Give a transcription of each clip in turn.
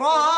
التراب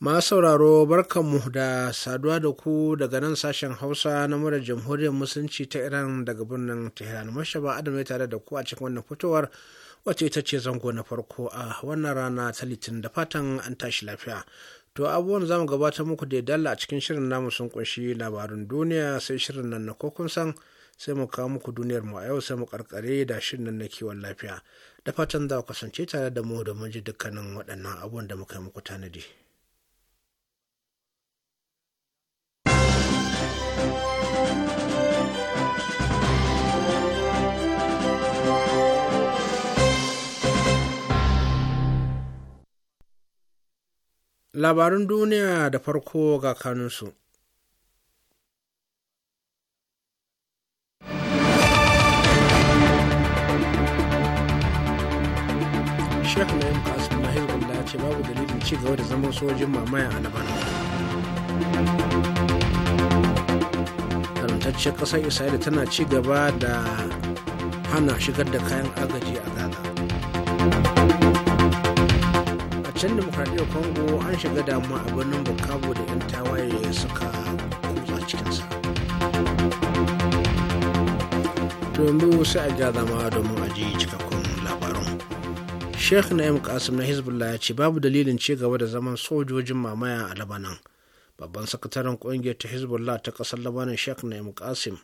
masu sauraro barkanmu da saduwa da ku daga nan sashen hausa na mura jamhuriyar musulunci ta iran daga birnin tehran mashaba adam ya tare da ku a cikin wannan fitowar wacce ita ce zango na farko a wannan rana ta litin da fatan an tashi lafiya to abubuwan zamu gabatar muku da dalla a cikin shirin namu sun kunshi labarun duniya sai shirin nan na kokun san sai mu kawo muku duniyar mu a yau sai mu karkare da shirin nan na kiwon lafiya da fatan za ku kasance tare da mu domin ji dukkanin waɗannan abubuwan da muka yi muku tanadi. labarun duniya da farko ga kanunsu Sheikh Nayim Qasim Mahir Bulla ce babu dalilin ci gaba da zaman sojin mamaya a Lebanon. Karantacciyar ƙasar Isra'ila tana ci gaba da hana shigar da kayan agaji a Gaza. can demokradiyyar congo an shiga damuwa a birnin bukavu da yan tawaye suka kusa cikinsa domin wasu a ja zama domin ji cikakkun labarun sheikh na'im kasim na hezbollah ya ce babu dalilin ci gaba da zaman sojojin mamaya a labanan babban sakataren kungiyar ta hezbollah ta kasar labanan sheikh na'im kasim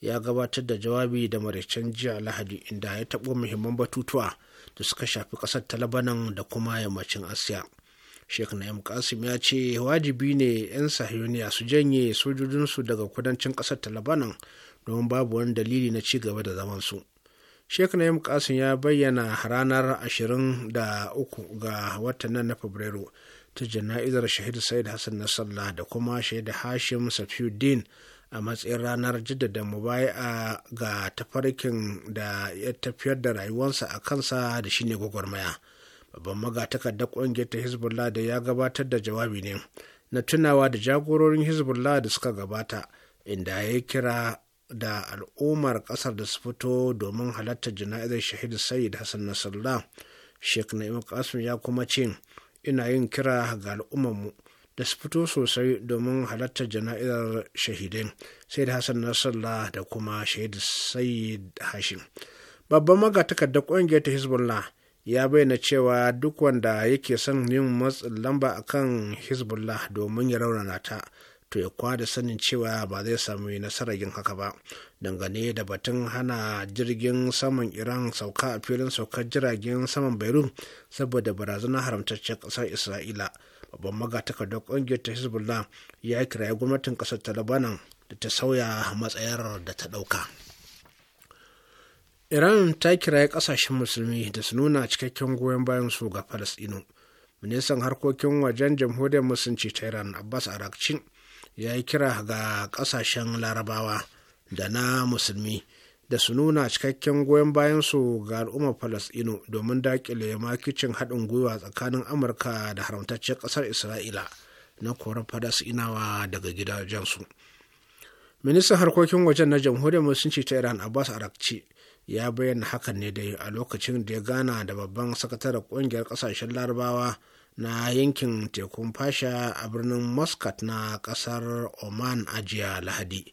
ya gabatar da jawabi da maraicen jiya lahadi inda ya taɓo muhimman batutuwa da suka shafi ƙasar ta labanan da kuma yammacin asiya sheikh na'im kasim ya ce wajibi ne 'yan sahiyoniya su janye sojojinsu daga kudancin ƙasar ta labanan domin babu wani dalili na ci gaba da zamansu sheikh na'im kasim ya bayyana ranar 23 ga watan nan na fabrairu ta jana'izar shahid said hassan nasallah da kuma shaida hashim safiuddin a matsayin ranar jaddada mubaya ga tafarkin da ya tafiyar da rayuwarsa a kansa da shine gwagwarmaya babban magatakarda ƙungiyar ta hezbollah da ya gabatar da jawabi ne na tunawa da jagororin hezbollah da suka gabata inda ya kira da al'ummar ƙasar da su fito domin halartar jana'izar shahid sayyid hassan nasrallah sheikh na'im qasim ya kuma ce ina yin kira ga al'ummarmu mu da su fito sosai domin halartar jana'izar shahidai sai da hassan nasrallah da kuma shahid sayyid hashim babban magatakardar ƙungiyar ta hezbollah ya bayyana cewa duk wanda yake son yin matsin lamba a kan hezbollah domin ya raunana ta to ya kwada sanin cewa ba zai sami nasarar yin haka ba dangane da batun hana jirgin saman iran sauka a filin saukar jiragen saman beirut saboda barazanar haramtaccen ƙasar isra'ila babban magatakardar ƙungiyar ta hezbollah ya kiraye gwamnatin ƙasar ta lebanon da ta sauya matsayar da ta ɗauka iran ta kiraye ƙasashen musulmi da su nuna cikakken goyon bayan su ga falasɗinu ministan harkokin wajen jamhuriyar musulunci ta iran abbas Arakcin ya yi kira ga ƙasashen larabawa da na musulmi da su nuna cikakken goyon bayansu ga al'ummar falasɗinu domin dakile makicin haɗin gwiwa tsakanin amurka da haramtacciyar ƙasar isra'ila na korar falasɗinawa daga gidajensu ministan harkokin wajen na jamhuriyar musulunci ta iran abbas arakci ya bayyana hakan ne dai a lokacin da ya gana da babban sakataren ƙungiyar ƙasashen larabawa na yankin tekun fasha a birnin muscat na ƙasar oman a jiya lahadi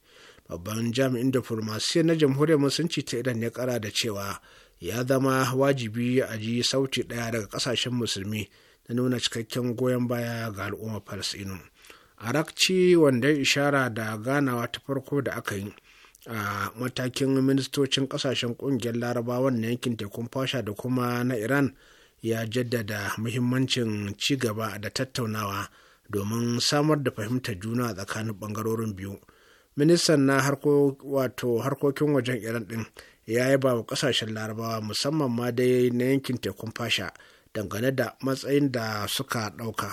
babban jami'in diflomasiyya na jamhuriyar musulunci ta idan ya kara da cewa ya zama wajibi a ji sauti ɗaya daga ƙasashen musulmi na nuna cikakken goyon baya ga al'ummar falasɗinu arakci wanda ya ishara da ganawa ta farko da aka yi a matakin ministocin ƙasashen ƙungiyar larabawan na yankin tekun fasha da kuma na iran ya jaddada muhimmancin ci gaba da tattaunawa domin samar da fahimtar juna tsakanin ɓangarorin biyu ministan na harkokin wajen iran din ya yi ba kasashen larabawa musamman ma dai na yankin tekun fasha dangane da matsayin da suka ɗauka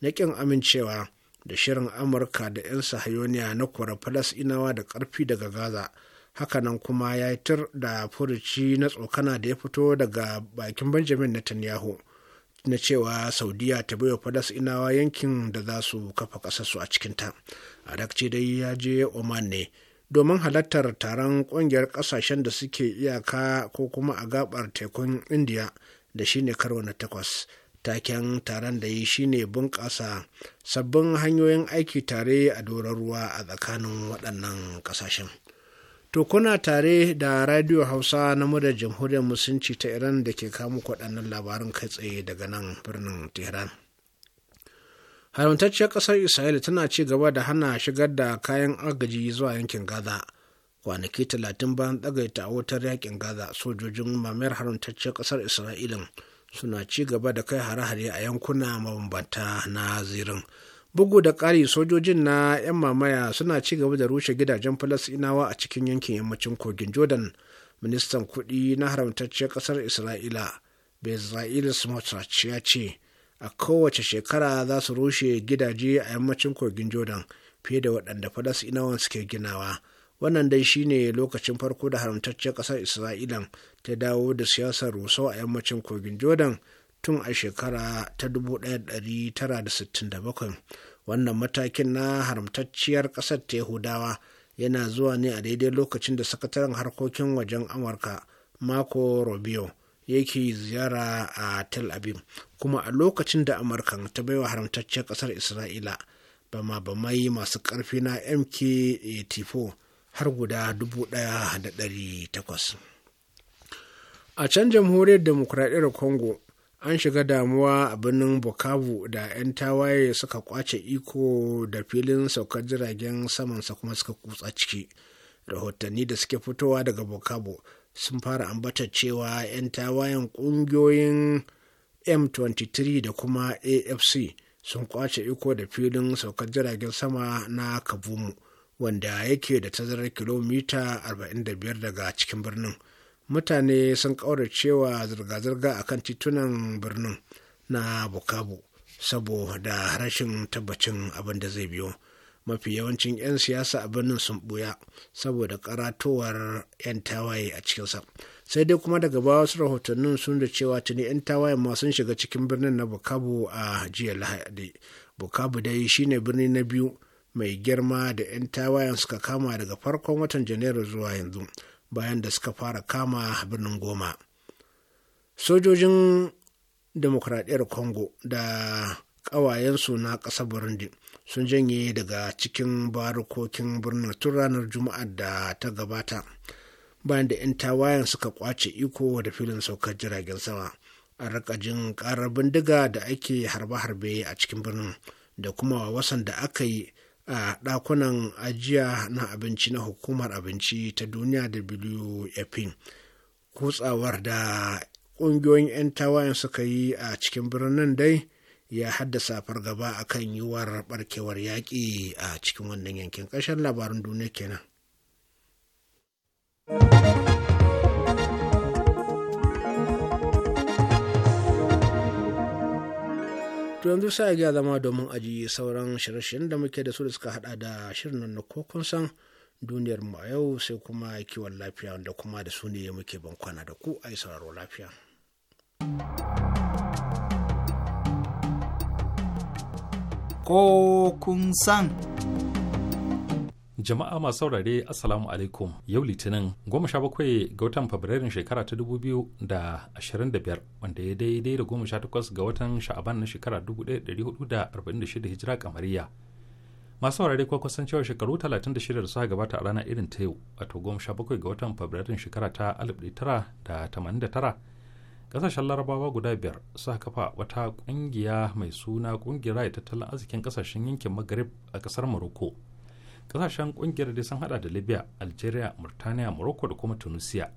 na ƙin amincewa da shirin amurka da 'yan sahayoniya na kora inawa da ƙarfi daga gaza hakanan kuma ya yi tur da furuci na tsokana da ya fito daga bakin benjamin netanyahu na cewa saudiya ta baiwa inawa yankin da za su kafa ƙasarsu a cikinta a dakci dai ya je Oman ne domin halartar taron ƙungiyar ƙasashen da suke iyaka ko kuma a gabar tekun Indiya da shine karo na takwas. Taken taron da yi shine bunƙasa sabbin hanyoyin aiki tare a doron ruwa a tsakanin waɗannan ƙasashen. To kuna tare da Radio Hausa na muda Jamhuriyar Musulunci ta Iran da ke kamu kwaɗannan labarin kai tsaye daga nan birnin Tehran. haramtacciyar ƙasar isra'ila tana ci gaba da hana shigar da kayan agaji zuwa yankin gaza kwanaki talatin bayan tsagaita a wutar yakin gaza sojojin mamayar haramtacciyar ƙasar isra'ila suna ci gaba da kai hare-hare a yankuna mabambanta na zirin bugu da ƙari sojojin na 'yan mamaya suna ci gaba da rushe gidajen falasinawa a cikin yankin yammacin kogin jordan ministan kuɗi na haramtacciyar ƙasar isra'ila bezra'il smotrach ya ce a kowace shekara za su rushe gidaje a yammacin kogin jordan fiye da waɗanda falasɗinawan suke ginawa wannan dai shine lokacin farko da haramtacciyar ƙasar isra'ilan ta dawo da siyasar rusau a yammacin kogin jordan tun a shekara ta 1967 wannan matakin na haramtacciyar ƙasar ta yahudawa yana zuwa ne a daidai lokacin da sakataren harkokin wajen amurka marco rubio yake ziyara a tel aviv kuma a lokacin da amurkan ta baiwa haramtacciyar ƙasar isra'ila bama bamai masu karfi na mk-84 har guda 1,800 a can jamhuriyar demokuraɗiyar congo an shiga damuwa a birnin bukavu da 'yan tawaye suka kwace iko da filin saukar jiragen samansa kuma suka kutsa ciki rahotanni da suke fitowa daga bukavu sun fara ambatacewa cewa 'yan tawayen ƙungiyoyin m23 da kuma afc sun kwace iko da filin saukar jiragen sama na kabumu wanda yake da tazarar kilomita 45 daga cikin birnin mutane sun cewa zirga-zirga a kan titunan birnin na bukabu saboda rashin tabbacin abin da zai biyo mafi yawancin 'yan siyasa a birnin sun buya saboda karatowar 'yan tawaye a cikinsa. sai dai kuma daga baya wasu rahotannin sun da cewa tuni 'yan tawayen ma sun shiga cikin birnin na bukabu a jiya lahadi bukabu dai shine birni na biyu mai girma da 'yan tawayen suka kama daga farkon watan janairu zuwa yanzu bayan da suka fara kama birnin goma sojojin demokradiyyar congo da ƙawayensu na ƙasar burundi sun janye daga cikin barukokin birnin tun ranar juma'ar da ta gabata bayan da 'yan tawayen suka kwace iko da filin saukar jiragen sama a rakajin ƙarar karar bindiga da ake harbe-harbe a cikin birnin da kuma wasan da aka yi a ɗakunan ajiya na abinci na hukumar abinci ta duniya wfp kutsawar da ƙungiyoyin 'yan tawayen suka yi a cikin birnin dai ya haddasa fargaba akan yiwuwar barkewar yaƙi a cikin wannan yankin ƙasar labarin duniya kenan. To yanzu sai ga zama domin ajiye sauran shirye-shiryen da muke da su da suka hada da shirin na kokon san duniyar mu a yau sai kuma kiwon lafiya da kuma da su ne muke bankwana, da ku a yi sauraro lafiya. kun san. Jama'a masu saurare Assalamu alaikum yau Litinin 17 ga watan Fabrairun shekara ta 2025 wanda ya daidai da 18 ga watan Sha'aban na shekara 1446 Hijira kamariya. Masu saurare kwa kusan cewa shekaru 36 da suka gabata a rana irin ta yau wato 17 ga watan Fabrairun shekara ta 1989 kasashen larabawa guda biyar suka kafa wata kungiya mai suna kungiyar tattalin arzikin kasashen yankin magrib a kasar morocco kasashen kungiyar dai sun hada da libya algeria murtaniya morocco da kuma tunisia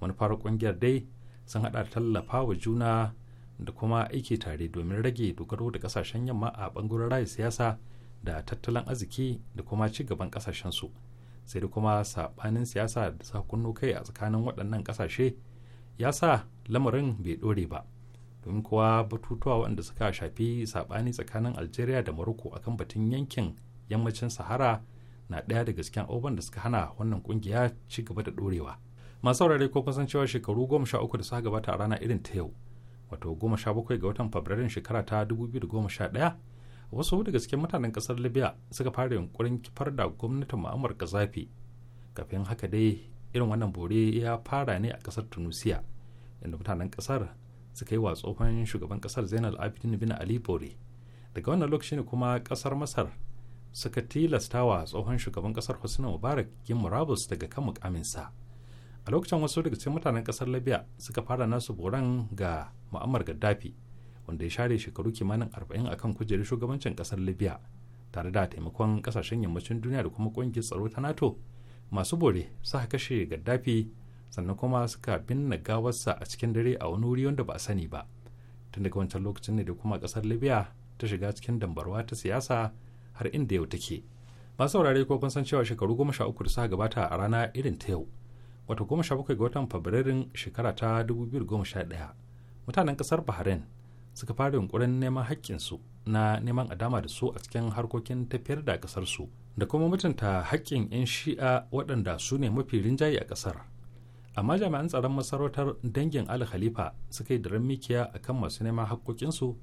manufar kungiyar dai sun hada da tallafa wa juna da kuma aiki tare domin rage dogaro da kasashen yamma a bangaren rayu siyasa da tattalin arziki da kuma ci gaban su sai da kuma sabanin siyasa da sakunno kai a tsakanin waɗannan kasashe ya sa lamarin bai ɗore ba domin kuwa batutuwa waɗanda suka shafi sabani tsakanin algeria da morocco akan batun yankin yammacin sahara na ɗaya daga cikin abubuwan da suka hana wannan kungiya ci gaba da ɗorewa masu saurare ko kusan cewa shekaru goma sha uku da suka gabata a rana irin ta yau wato goma sha bakwai ga watan fabrairun shekara ta dubu biyu da goma sha ɗaya wasu daga cikin mutanen ƙasar libya suka fara yunkurin kifar da gwamnatin mu'amar gazafi kafin haka dai irin wannan bore ya fara ne a ƙasar tunisia inda mutanen ƙasar suka yi wa tsohon shugaban ƙasar zainal abidin bin ali bore daga wannan lokacin ne kuma ƙasar masar suka tilasta wa tsohon shugaban kasar hussein mubarak yin murabus daga kan mukaminsa a lokacin wasu daga cikin mutanen kasar libya suka fara nasu boran ga mu'ammar gaddafi wanda ya share shekaru kimanin arba'in akan kujerar shugabancin kasar libya tare da taimakon kasashen yammacin duniya da kuma kungiyar tsaro ta nato masu bore suka kashe gaddafi sannan kuma suka binne gawarsa a cikin dare a wani wuri wanda ba a sani ba tun daga wancan lokacin ne da kuma kasar libya ta shiga cikin dambarwa ta siyasa har inda yau take masu saurare ko kun san cewa shekaru goma sha uku da suka gabata a rana irin ta yau wato goma sha bakwai ga watan fabrairun shekara ta dubu biyu goma sha ɗaya mutanen ƙasar bahrain suka fara yunkurin neman haƙƙinsu na neman adama da su a cikin harkokin tafiyar da ƙasar su da kuma mutunta haƙƙin 'yan shi'a waɗanda su ne mafi rinjaye a ƙasar amma jami'an tsaron masarautar dangin al khalifa suka yi daren mikiya akan masu neman haƙƙoƙinsu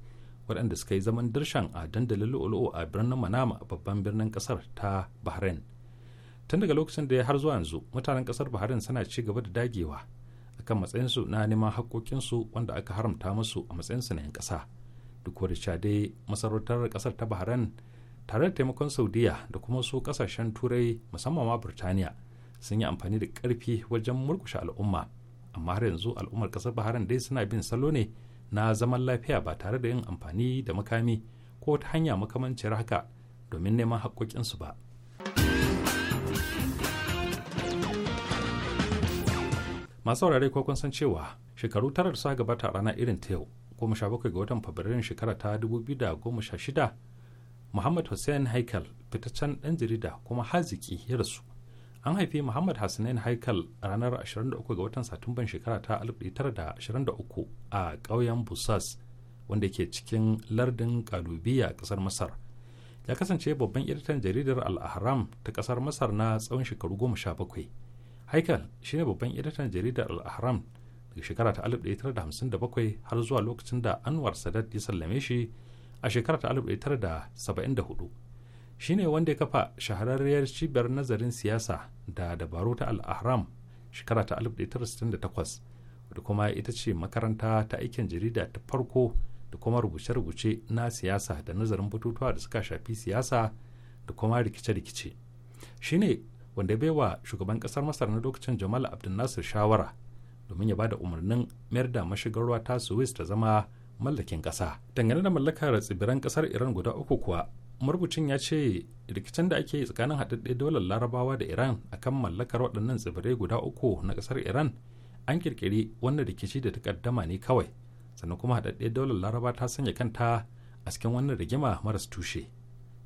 waɗanda suka yi zaman dirshan a dandalin lu'ulu'u a birnin manama a babban birnin ƙasar ta bahrain tun daga lokacin da ya har zuwa yanzu mutanen ƙasar bahrain suna ci gaba da dagewa akan matsayinsu na neman haƙƙoƙinsu wanda aka haramta musu a matsayinsu na 'yan ƙasa duk wani sha dai masarautar ƙasar ta bahrain tare da taimakon saudiya da kuma su ƙasashen turai musamman ma burtaniya sun yi amfani da ƙarfi wajen murkushe al'umma amma har yanzu al'ummar ƙasar bahrain dai suna bin salo ne na zaman lafiya ba tare da yin amfani da makami ko ta hanya makamancin haka domin neman haƙƙoƙinsu ba. masu saurare ko kun san cewa shekaru tarar sa gabata a rana irin ta yau goma sha bakwai ga watan fabrairun shekara ta dubu biyu da goma sha shida muhammad hussein haikal fitaccen ɗan jarida kuma haziki ya rasu an haifi muhammad hassanin haikal ranar 23 ga watan satumban shekara ta 1923 a ƙauyen busas wanda ke cikin lardin kalubiya ƙasar masar ya kasance babban editan jaridar al-ahram ta ƙasar masar na tsawon shekaru 17 haikal shine babban editan jaridar al-ahram daga shekara ta 1957 har zuwa lokacin da anwar sadat ya sallame shi a shekara ta 1974 shine wanda ya kafa shahararriyar cibiyar nazarin siyasa da dabaru ta al'ahram shekara ta 1968 wadda kuma ita ce makaranta ta aikin jarida ta farko da kuma rubuce-rubuce na siyasa da nazarin bututuwa da suka shafi siyasa da kuma rikice-rikice shine wanda bai wa shugaban kasar masar na lokacin jamal nasir shawara domin ya ba da umarnin mayar da mashigar ruwa ta suwis ta zama mallakin kasa dangane da mallakar tsibiran kasar iran guda uku kuwa marubucin ya ce rikicin da ake tsakanin haɗaɗɗe daular larabawa da iran akan mallakar waɗannan tsibirai guda uku na ƙasar iran an ƙirƙiri wannan rikici da ta takaddama ne kawai sannan kuma haɗaɗɗe daular laraba ta sanya kanta a cikin wannan rigima maras tushe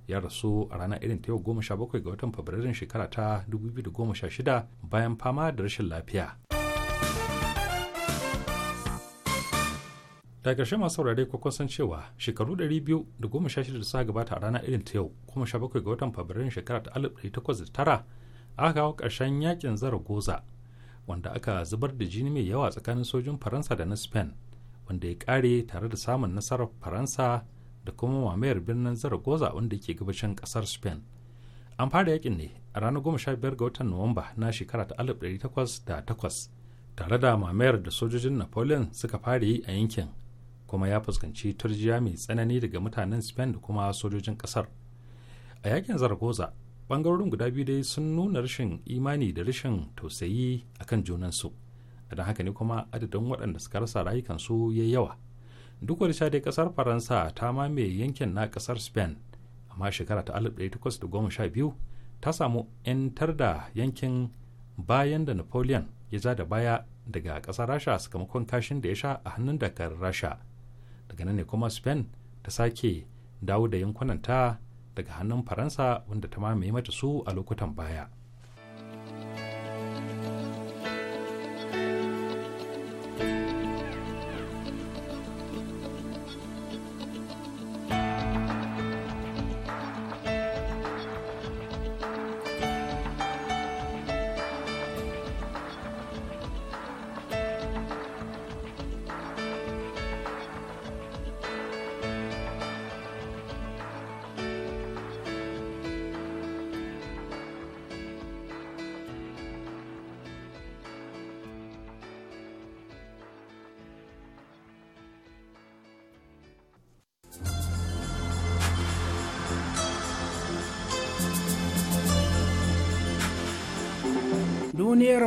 ya rasu a ranar irin ta yau goma sha bakwai ga watan fabrairun shekara ta 2016 bayan fama da rashin lafiya da ƙarshe masu saurare ko san cewa shekaru 216 da suka gabata a rana irin ta yau kuma 17 ga watan fabrairun shekara ta 1809 aka kawo ƙarshen yakin zaragoza wanda aka zubar da jini mai yawa tsakanin sojin faransa da na spain wanda ya kare tare da samun nasarar faransa da kuma mamayar birnin zaragoza wanda ke gabashin ƙasar spain an fara yakin ne a ranar 15 ga watan nuwamba na shekara ta 1808 tare da mamayar da sojojin napoleon suka fara yi a yankin kuma ya fuskanci turjiya mai tsanani daga mutanen spain da kuma sojojin kasar a yakin zaragoza bangarorin guda biyu dai sun nuna rashin imani da rashin tausayi akan junansu don haka ne kuma adadin waɗanda suka rasa rayukansu ya yawa duk sha dai kasar faransa ta mamaye yankin na kasar spain amma shekara ta da sha biyu ta samu 'yantar da yankin bayan da napoleon ya za da baya daga kasar rasha sakamakon kashin da ya sha a hannun dakar rasha daga nan ne kuma spain ta sake dawo da yankunanta daga hannun faransa wanda ta mamaye mata su a lokutan baya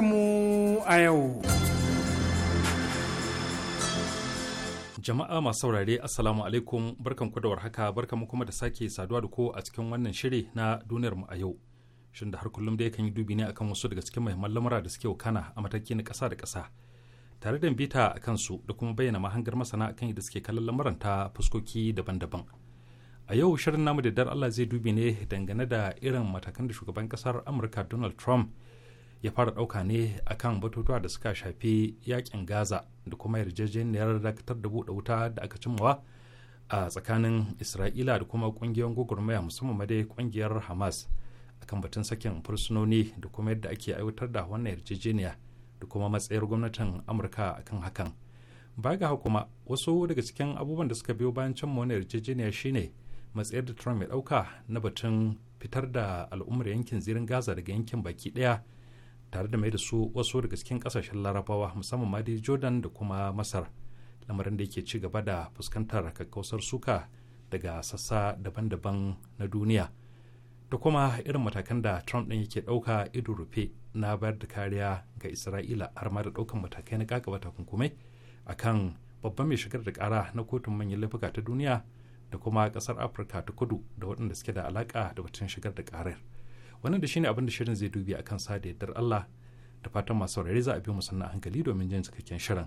mu a yau. Jama'a masu saurare Assalamu alaikum barkanku da warhaka mu kuma da sake saduwa da ko a cikin wannan shiri na duniyarmu a yau. Shin da har kullum da yakan yi dubi ne akan wasu daga cikin muhimman lamura da suke wakana a mataki na ƙasa da ƙasa. Tare da bita a kansu da kuma bayyana mahangar masana akan yadda suke kallon lamuran ta fuskoki daban-daban. a yau shirin namu da dar Allah zai dubi ne dangane da irin matakan da shugaban kasar amurka donald trump ya fara ɗauka ne a kan batutuwa da suka shafi yakin gaza da kuma yarjejeniyar dakatar da buɗe wuta da aka cimmawa a tsakanin isra'ila da kuma ƙungiyar gwagwarmaya musamman ma dai ƙungiyar hamas kan batun sakin fursunoni da kuma yadda ake aiwatar da wannan yarjejeniya da kuma matsayar gwamnatin amurka akan hakan baya ga kuma wasu daga cikin abubuwan da suka biyo bayan cimma wannan yarjejeniya shine matsayar da trump ya ɗauka na batun fitar da al'ummar yankin zirin gaza daga yankin baki ɗaya tare da mai da su wasu daga cikin kasashen larabawa musamman ma jordan da kuma masar lamarin da yake ci gaba da fuskantar kakkausar suka daga sassa daban-daban na duniya da kuma irin matakan da trump ɗin yake ɗauka ido rufe na bayar da kariya ga isra'ila har ma da ɗaukan matakai na kakaba takunkumai akan babban mai shigar da kara na kotun manyan laifuka ta duniya da kuma ƙasar afirka ta kudu da waɗanda suke da alaka da batun shigar da karar wannan da shine abin da shirin zai dubi akan sa da yardar Allah da fatan masu saurare za a bi mu sannan hankali domin jin cikakken shirin.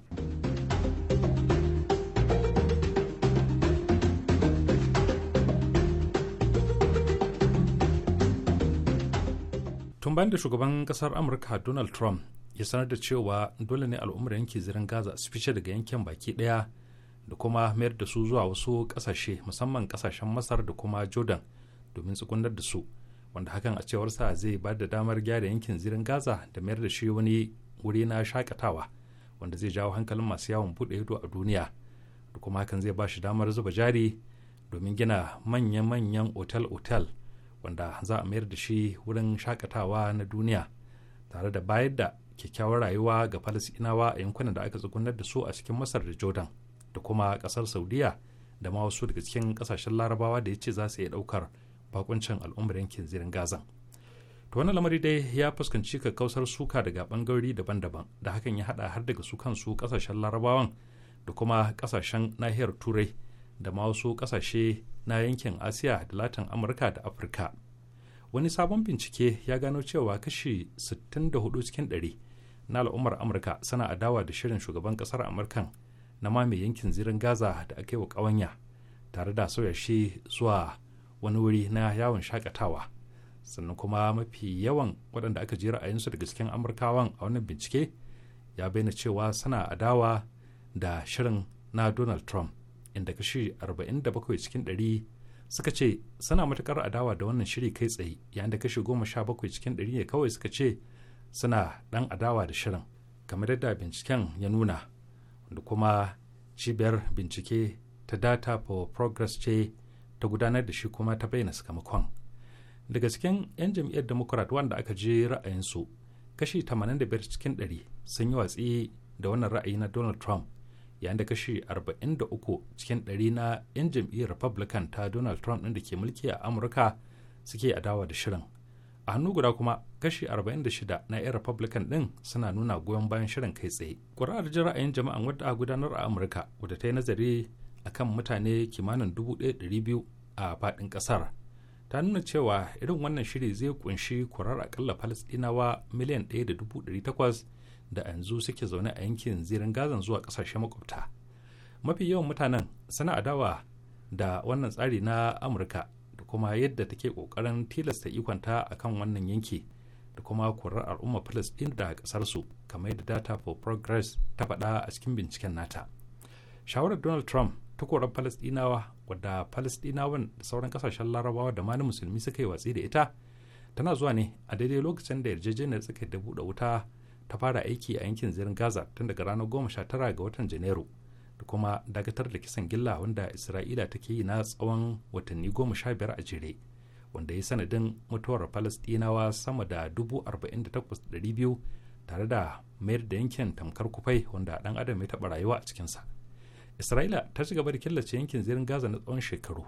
tun bayan da shugaban kasar amurka donald trump ya sanar da cewa dole ne al'ummar yanki zirin gaza su fice daga yankin baki daya da kuma mayar da su zuwa wasu kasashe musamman kasashen masar da kuma jordan domin tsugunar da su wanda hakan a cewarsa zai ba da damar gyara yankin zirin gaza da mayar da shi wani wuri na shakatawa wanda zai jawo hankalin masu yawon bude ido a duniya da kuma hakan zai ba shi damar zuba jari domin gina manya-manyan otal-otal wanda za a mayar da shi wurin shakatawa na duniya tare da bayar da kyakkyawar rayuwa ga falasinawa a yankunan da aka tsugunar da su a cikin masar da jordan da kuma kasar saudiya da ma wasu daga cikin kasashen larabawa da ya ce za su iya daukar bakuncin al'ummar yankin zirin Gaza to wani lamari dai ya fuskanci kakkausar suka daga bangarori daban-daban da hakan ya hada har daga su kansu kasashen larabawan da kuma kasashen nahiyar turai da ma wasu kasashe na yankin asiya da latin amurka da afirka wani sabon bincike ya gano cewa kashi 64 cikin 100 na al'ummar amurka suna adawa da shirin shugaban kasar amurkan na mai yankin zirin gaza da aka yi wa ƙawanya tare da sauya shi zuwa wani wuri na yawon shakatawa sannan kuma mafi yawan waɗanda aka ji ra'ayinsu daga cikin amurkawan a wannan bincike ya bayyana cewa suna adawa da shirin na donald trump inda kashi 47 cikin 100 suka ce suna matukar adawa da wannan shiri kai tsaye yayin da kashi 17 cikin 100 ne kawai suka ce suna dan adawa da shirin kamar yadda binciken ya nuna da kuma cibiyar bincike ta data for progress ce ta gudanar da shi kuma ta bayyana sakamakon daga cikin 'yan jam'iyyar democrat wanda aka je ra'ayinsu kashi 85 cikin 100 sun yi watsi da wannan ra'ayi na donald trump yayin da kashi 43 cikin 100 na 'yan jam'iyyar republican ta donald trump ɗin da ke mulki a amurka suke adawa da shirin a hannu guda kuma kashi 46 na 'yan republican ɗin suna nuna goyon bayan shirin kai tsaye ƙuri'ar ra'ayin jama'an wadda a gudanar a amurka wadda ta yi nazari akan mutane kimanin biyu a faɗin ƙasar ta nuna cewa irin wannan shiri zai kunshi kurar akalla falasɗinawa miliyan 1,800 da dubu da yanzu suke zaune a yankin zirin gazan zuwa ƙasashe makwabta mafi yawan mutanen suna adawa da wannan tsari na amurka da kuma yadda take ƙoƙarin tilasta ikonta akan wannan yanki da kuma kurar al'ummar falasɗin da kasarsu kamar yadda data for progress ta faɗa a cikin binciken nata shawarar donald trump takwarar palestinawa wadda palestinawan da sauran kasashen larabawa da mani musulmi suka yi watsi da ita tana zuwa ne a daidai lokacin da yarjejeniyar suka da buɗe wuta ta fara aiki a yankin zirin gaza tun daga ranar goma sha tara ga watan janairu da kuma dakatar da kisan gilla wanda isra'ila take yi na tsawon watanni goma sha biyar a jere wanda ya sanadin mutuwar falastinawa sama da dubu da takwas tare da mayar da yankin tamkar kufai wanda dan adam ya taɓa rayuwa a cikinsa isra'ila ta ci gaba da killace yankin zirin gaza na tsawon shekaru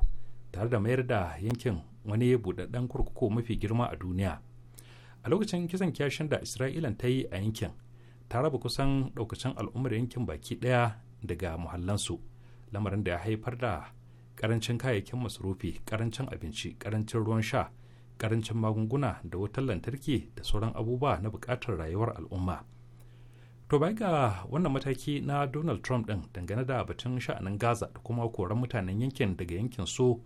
tare da mayar da yankin wani buɗaɗɗen kurkuku mafi girma a duniya a lokacin kisan kyashin da isra'ila ta yi a yankin ta raba kusan ɗaukacin al'ummar yankin baki ɗaya daga muhallansu lamarin da ya haifar da karancin kayayyakin masarufi karancin abinci karancin ruwan sha karancin magunguna da wutar lantarki da sauran abubuwa na buƙatar rayuwar al'umma to bai ga wannan mataki na donald trump din dangane da batun sha'anin gaza da kuma koran mutanen yankin daga yankin so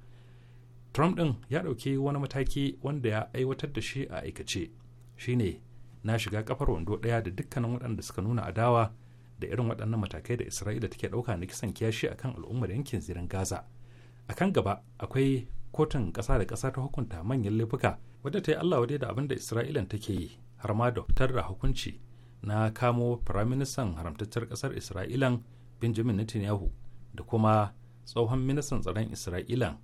trump din ya ɗauki wani mataki wanda ya aiwatar da shi a aikace shine na shiga kafar wando ɗaya da dukkanin waɗanda suka nuna adawa da irin waɗannan matakai da isra'ila take ɗauka na kisan kiyashi kan al'ummar yankin zirin gaza a kan gaba akwai kotun ƙasa da ƙasa ta hukunta manyan laifuka wadda ta yi allah wadai da abin da isra'ilan take yi har ma da fitar da hukunci na kamo firaministan haramtattar kasar isra'ilan benjamin netanyahu da kuma tsohon ministan tsaron isra'ilan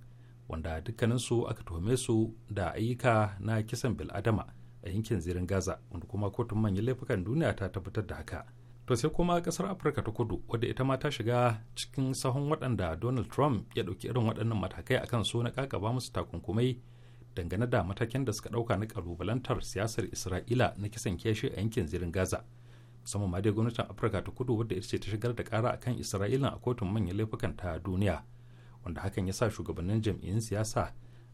wanda dukkaninsu aka tuhume su da ayyuka na kisan biladama a yankin zirin gaza wanda kuma kotun manyan laifukan duniya ta tabbatar da haka to sai kuma kasar afirka ta kudu wadda ita ma ta shiga cikin sahun waɗanda donald trump ya ɗauki irin waɗannan matakai akan su na kakaba musu takunkumai dangane da matakin da suka dauka na kalubalantar siyasar isra'ila na kisan kiyashi a yankin zirin gaza musamman ma dai gwamnatin afirka ta kudu wadda ita ce ta shigar da kara akan isra'ila a kotun manyan laifukan ta duniya wanda hakan ya sa shugabannin jam'iyyun siyasa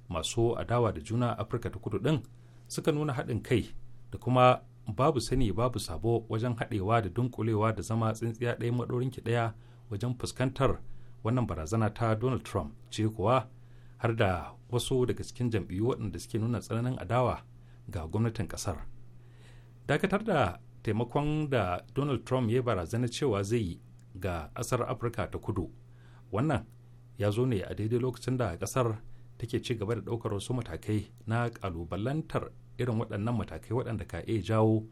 masu adawa da juna afirka ta kudu din suka nuna haɗin kai da kuma babu sani babu sabo wajen haɗewa da dunkulewa da zama tsintsiya ɗaya maɗorin ki ɗaya wajen fuskantar wannan barazana ta donald trump ce kuwa har da wasu daga cikin jam'iyyu waɗanda suke nuna tsananin adawa ga gwamnatin ƙasar dakatar da taimakon da donald trump ya barazana cewa zai yi ga ƙasar afirka ta kudu wannan ya zo ne a daidai lokacin da ƙasar take ci gaba da ɗaukar wasu matakai na ƙalubalantar irin waɗannan matakai waɗanda ka iya jawo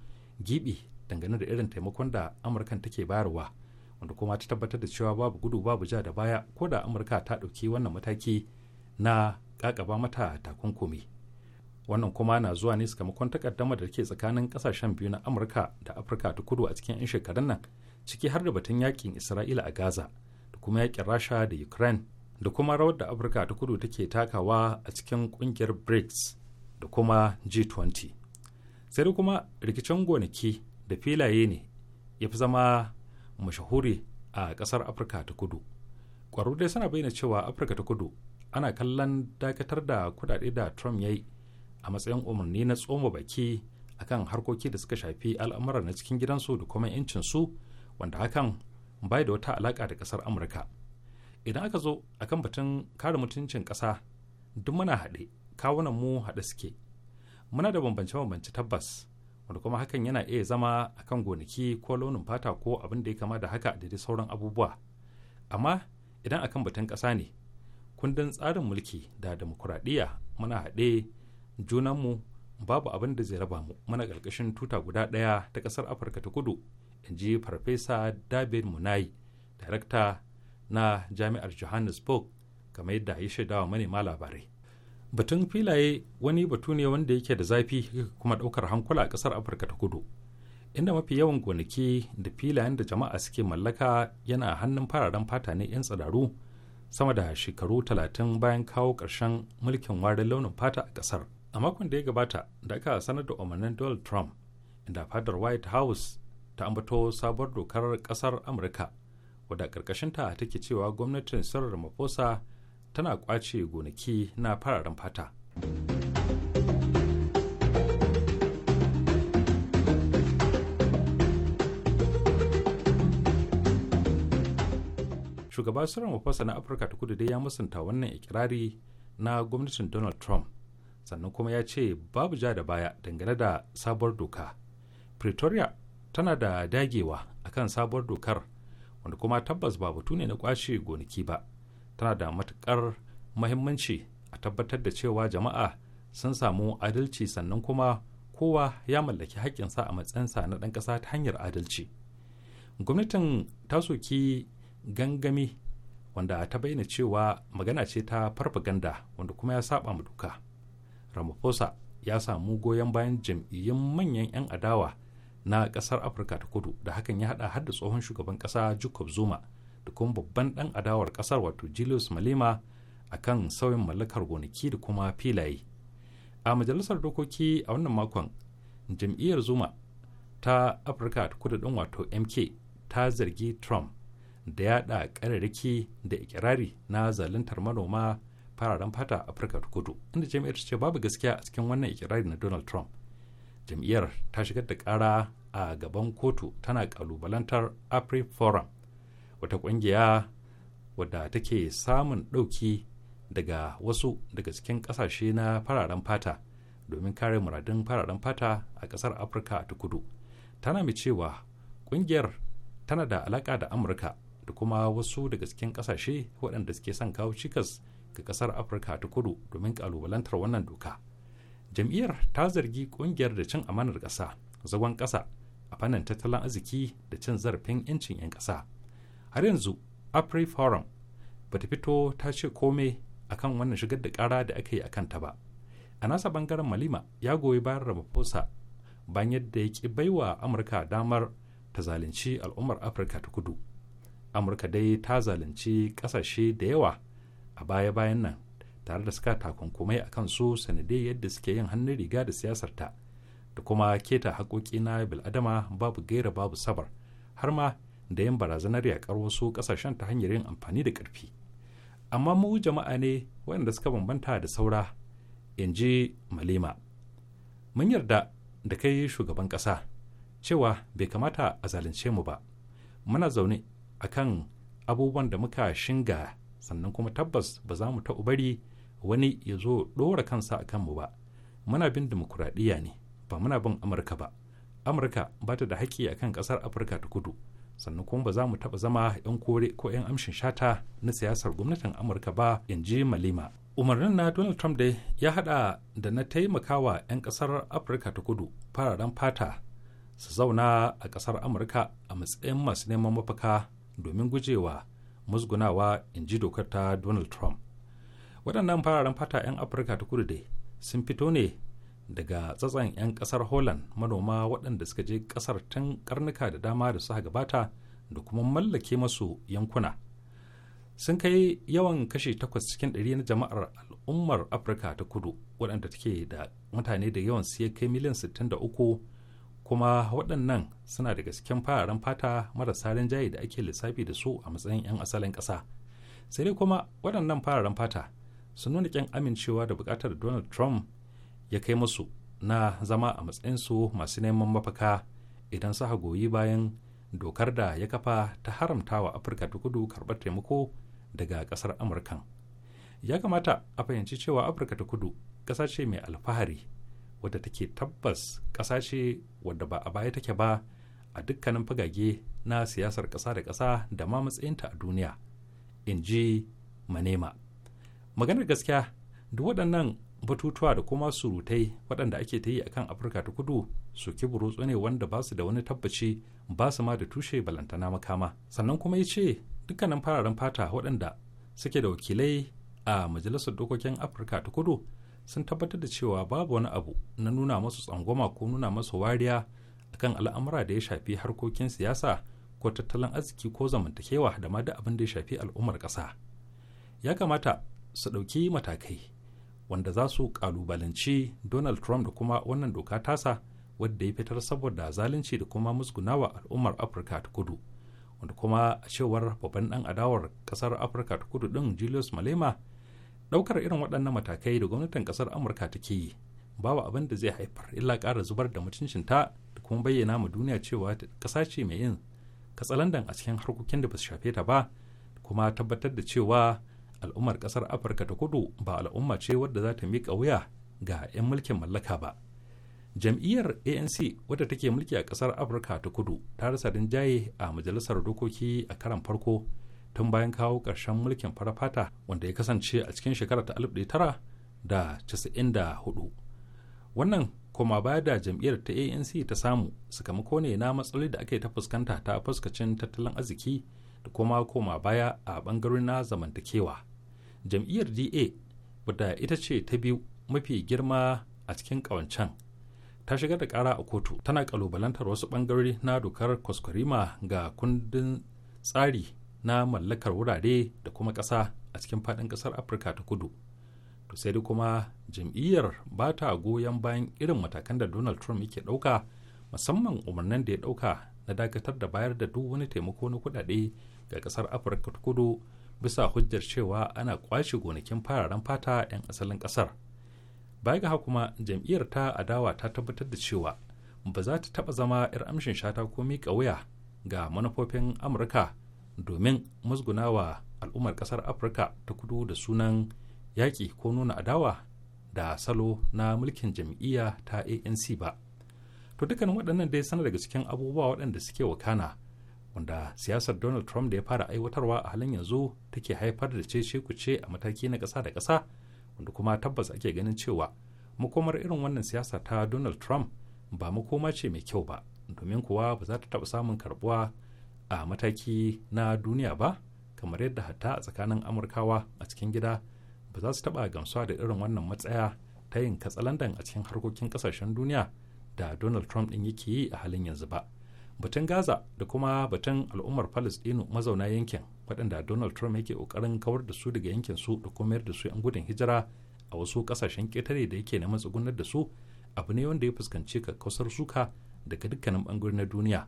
gibi dangane da irin taimakon da amurkan take bayarwa wanda kuma ta tabbatar da cewa babu gudu babu ja da baya ko da amurka ta ɗauki wannan mataki na kakaba mata takunkumi wannan kuma na zuwa ne sakamakon takaddama da ke tsakanin kasashen biyu na amurka da afirka ta kudu a cikin 'yan shekarun nan ciki har da batun yakin isra'ila a gaza da kuma yakin rasha da ukraine da kuma rawar da afirka ta kudu take takawa a cikin kungiyar brics da kuma g20 sai da kuma rikicin gonaki da filaye ne ya fi zama mashahuri a kasar afirka ta kudu kwararru dai suna bayyana cewa afirka ta kudu ana kallon dakatar da kudade da trump ya yi a matsayin umarni na tsoma baki akan harkoki da suka shafi al'amura na cikin gidansu da kuma 'yancinsu wanda hakan bai da wata alaka da ƙasar amurka idan aka zo akan batun kare mutuncin ƙasa duk muna haɗe kawunan mu haɗe suke muna da bambance-bambance tabbas wanda kuma hakan yana iya zama akan gonaki ko launin fata ko abin da ya kama da haka da dai sauran abubuwa amma idan akan batun ƙasa ne kundin tsarin mulki da demokuraɗiyya muna haɗe junanmu babu abin da zai raba mu muna ƙarƙashin tuta guda ɗaya ta ƙasar afirka ta kudu in ji farfesa david munayi darakta na jami'ar johannesburg kamar yadda ya shaidawa manema labarai batun filaye wani batu ne wanda yake da zafi kuma ɗaukar hankula a ƙasar afirka ta kudu inda mafi yawan gonaki da filayen da jama'a suke mallaka yana hannun fararen fata ne 'yan tsadaru. sama da shekaru talatin bayan kawo ƙarshen mulkin warin launin fata a ƙasar a makon da ya gabata da aka sanar da umarnin donald trump inda fadar white house ta ambato sabuwar dokar ƙasar amurka wadda ta take cewa gwamnatin sirar mafosa tana ƙwace gonaki na fararen fata. shugaba sauran wafasa na Afirka ta kudu dai ya musanta wannan ikirari na gwamnatin Donald Trump sannan kuma ya ce babu ja da baya dangane da sabuwar doka. Pretoria tana da dagewa akan sabuwar dokar wanda kuma tabbas ba batu ne na kwashe gonaki ba tana da matukar mahimmanci a tabbatar da cewa jama'a sun samu adalci sannan kuma kowa ya mallaki haƙƙinsa a matsayinsa na ɗan ƙasa ta hanyar adalci gwamnatin ta soki gangami wanda ta bayyana cewa magana ce ta farfaganda wanda kuma ya saba mu duka ramaphosa ya samu goyon bayan jam'iyyun manyan 'yan adawa na ƙasar afirka ta kudu da hakan ya haɗa har da tsohon shugaban kasa jacob zuma da kuma babban ɗan adawar ƙasar wato julius malema a kan sauyin mallakar gonaki da kuma filaye a majalisar dokoki a wannan makon jam'iyyar zuma ta afirka ta kudu din wato mk ta zargi trump da yada kararraki da ikirari na zaluntar manoma fararen fata a afirka ta kudu inda jam'iyyar ta ce babu gaskiya a cikin wannan ikirari na donald trump jam'iyyar ta shigar da ƙara a gaban kotu tana kalubalantar afri forum wata kungiya wadda take samun ɗauki daga wasu daga cikin ƙasashe na fararen fata domin kare muradun fararen fata a ƙasar afirka ta kudu tana mai cewa ƙungiyar tana da alaƙa da amurka da kuma wasu daga cikin kasashe waɗanda suke son kawo cikas ga kasar afirka ta kudu domin kalubalantar wannan doka jam'iyyar ta zargi kungiyar da cin amanar ƙasa zagon ƙasa a fannin tattalin arziki da cin zarafin 'yancin 'yan ƙasa har yanzu afri forum ba ta fito ta ce kome akan wannan shigar da ƙara da aka yi akan ta ba a nasa bangaren malima ya goyi bayan fosa bayan yadda ya ki baiwa amurka damar ta zalunci al'ummar afirka ta kudu amurka dai ta zalunci kasashe da yawa a baya-bayan nan tare da suka takunkumai a kansu sanadai yadda suke yin hannun riga da siyasarta da kuma keta haƙoƙi na bil'adama babu gaira babu sabar har ma da yin barazanar yaƙar wasu ƙasashen ta hanyar yin amfani da ƙarfi amma mu jama'a ne waɗanda suka bambanta da saura in ji malema mun yarda da kai shugaban ƙasa cewa bai kamata a zalunce mu ba muna zaune akan abubuwan da muka shinga sannan kuma tabbas ba za mu taɓa bari wani ya zo ɗora kansa a kanmu ba muna bin dimokuraɗiyya ne ba muna bin amurka ba amurka ba ta da haƙƙi a kan ƙasar afirka ta kudu sannan kuma ba za mu taɓa zama 'yan kore ko 'yan amshin shata na siyasar gwamnatin amurka ba in ji malima umarnin na donald trump dai ya haɗa da na taimakawa 'yan ƙasar afirka ta kudu fararen fata su zauna a ƙasar amurka a matsayin masu neman mafaka domin gujewa musgunawa in ji dokar ta donald trump waɗannan fararen fata 'yan afirka ta kudu dai sun fito ne daga tsatsan 'yan ƙasar holland manoma waɗanda suka je ƙasar tun karnuka da dama da su gabata da kuma mallake masu yankuna sun kai yawan kashe takwas cikin ɗari na jama'ar al'ummar afirka ta kudu waɗanda take da mutane da yawan su ya kai miliyan 63 kuma waɗannan suna da gasken fararen fata marasa rinjaye da ake lissafi da su a matsayin 'yan asalin ƙasa sai dai kuma waɗannan fararen fata sun nuna ƙin amincewa da buƙatar donald trump ya kai musu na zama a matsayinsu masu neman mafaka idan su goyi bayan dokar da ya kafa ta haramtawa afirka ta kudu karɓar taimako daga ƙasar amurkan ya kamata a fahimci cewa afirka ta kudu ƙasa ce mai alfahari wadda take tabbas ƙasa ce wadda ba a baya take ba a dukkanin fagage na siyasar ƙasa da ƙasa da ma matsayinta a duniya in ji manema maganar gaskiya duk waɗannan batutuwa da kuma surutai waɗanda ake ta yi akan afirka ta kudu su burutsu ne wanda ba su da wani tabbaci ba su ma da tushe balantana makama sannan kuma ya ce dukkanin fararen fata waɗanda suke da wakilai a majalisar dokokin afirka ta kudu sun tabbatar da cewa babu wani abu na nuna masu tsangwama ko nuna masu wariya akan al'amura da ya shafi harkokin siyasa ko tattalin arziki ko zamantakewa da ma da abin da ya shafi al'ummar ƙasa ya kamata su ɗauki matakai wanda za su ƙalubalanci donald trump da kuma wannan doka tasa wadda ya fitar saboda zalunci da kuma musgunawa al'ummar afirka ta kudu wanda kuma a cewar babban ɗan adawar ƙasar afirka ta kudu ɗin julius malema daukar irin waɗannan matakai da gwamnatin ƙasar amurka take yi babu abin da zai haifar illa ƙara zubar da mutuncinta da kuma bayyana ma duniya cewa ƙasa ce mai yin katsalandan a cikin harkokin da ba su shafe ta ba kuma tabbatar da cewa al'ummar ƙasar afirka ta kudu ba al'umma ce wadda za ta miƙa wuya ga 'yan mulkin mallaka ba jam'iyyar anc wadda take mulki a ƙasar afirka ta kudu ta rasa rinjaye a majalisar dokoki a karan farko tun bayan kawo ƙarshen mulkin farafata wanda ya kasance a cikin shekarar ta da da hudu wannan koma baya da jam'iyyar ta anc ta samu sakamako ne na matsaloli da ake ta fuskanta ta fuskacin tattalin arziki da kuma koma baya a bangaren na zamantakewa jam'iyyar da wadda ita ce ta biyu mafi girma a cikin ƙawancen ta shiga da ƙara a kotu tana ƙalubalantar wasu bangarori na dokar kwaskwarima ga kundin tsari na mallakar wurare da kuma ƙasa a cikin faɗin ƙasar afirka ta kudu to sai dai kuma jam'iyyar ba ta goyon bayan irin matakan da donald trump yake ɗauka musamman umarnin da ya ɗauka na dakatar da bayar da duk wani taimako na kuɗaɗe ga ƙasar afirka ta kudu bisa hujjar cewa ana kwashe gonakin fararen fata 'yan asalin ƙasar baya ga kuma jam'iyyar ta adawa ta tabbatar da cewa ba za ta taɓa zama 'yar amshin shata ko miƙa wuya ga manufofin amurka domin musgunawa al'ummar kasar afirka ta kudu da sunan yaƙi ko nuna adawa da salo na mulkin jam'iyya ta anc ba to dukkanin waɗannan dai sana daga cikin abubuwa waɗanda suke wakana wanda siyasar donald trump da ya fara aiwatarwa a halin yanzu take haifar da ce kuce a mataki na ƙasa da ƙasa wanda kuma tabbas ake ganin cewa makomar irin wannan siyasa ta donald trump ba makoma ce mai kyau ba domin kuwa ba za ta taɓa samun karɓuwa a mataki na duniya ba kamar yadda hatta a tsakanin amurkawa a cikin gida ba za su taɓa gamsuwa da irin wannan matsaya ta yin katsalandan a cikin harkokin kasashen duniya da donald trump ɗin yake yi a halin yanzu ba batun gaza da kuma batun al'ummar palestino mazauna yankin waɗanda donald trump yake ƙoƙarin kawar da su daga yankin su da kuma da su 'yan gudun hijira a wasu ƙasashen ƙetare da yake neman tsugunar da su abu ne wanda ya fuskanci kakkausar suka daga dukkanin bangare na duniya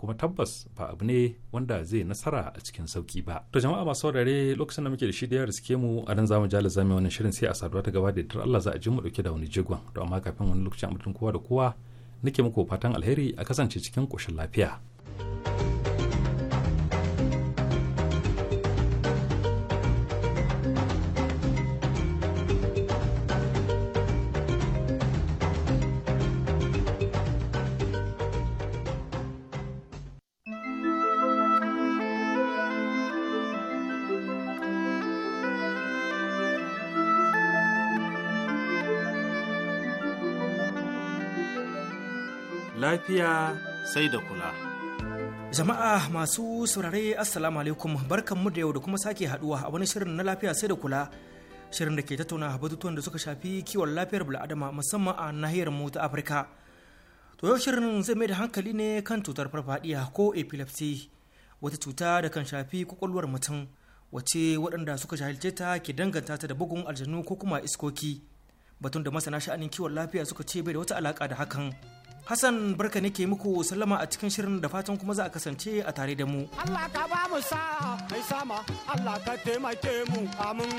kuma tabbas ba abu ne wanda zai nasara a cikin sauki ba to jama'a masu saurare lokacin da muke da shi da yara suke mu a nan zamu jala zame wannan shirin sai a saduwa ta gaba da dar Allah za a ji mu dauke da wani jigon to amma kafin wani lokacin a kowa da kowa nake muku fatan alheri a kasance cikin koshin lafiya lafiya sai da kula. Jama'a masu saurare Assalamu alaikum barkanmu da yau da kuma sake haduwa a wani shirin na lafiya sai da kula. Shirin da ke tattauna batutuwan da suka shafi kiwon lafiyar bil'adama musamman a nahiyar mu ta Afirka. To yau shirin zai mai da hankali ne kan cutar farfadiya ko epilepsy wata cuta da kan shafi kwakwalwar mutum wace waɗanda suka jahilce ta ke danganta ta da bugun aljanu ko kuma iskoki batun da masana sha'anin kiwon lafiya suka ce bai da wata alaƙa da hakan Hassan barka ke muku sallama a cikin shirin da fatan kuma za a kasance a tare da mu. Allah ka ba mu mai sama Allah ka taimake mu amin.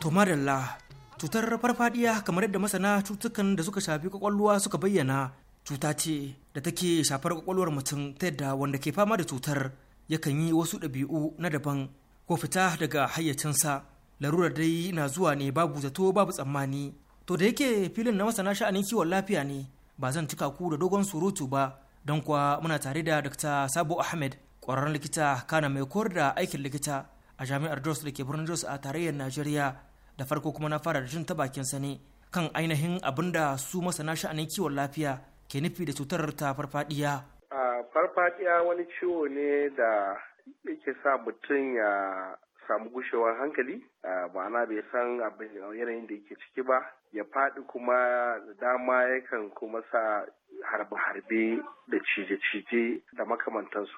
To madalla cutar farfadiya kamar yadda masana cutukan da suka shafi kwakwalwa suka bayyana cuta ce da take shafar kwakwalwar mutum ta yadda wanda ke fama da cutar yakan yi wasu ɗabi'u na daban ko fita daga hayyacinsa larurar dai na zuwa ne babu zato babu tsammani To da yake filin na masana sha'anin kiwon lafiya ne ba zan cika ku da dogon surutu ba don kuwa muna tare da Dr. Sabo Ahmed ƙwararren likita kana mai koyar da aikin likita a jami'ar Jos da ke birnin Jos a tarayyar Najeriya da farko kuma na fara da jin ta bakin sa ne kan ainihin abin da su masana sha'anin kiwon lafiya ke nufi da cutar ta farfadiya. farfadiya wani ciwo ne da yake sa mutum ya samu gushewar hankali ma'ana bai san abin yanayin da yake ciki ba ya faɗi kuma dama yakan kuma sa harbe-harbe da cije-cije da makamantansu.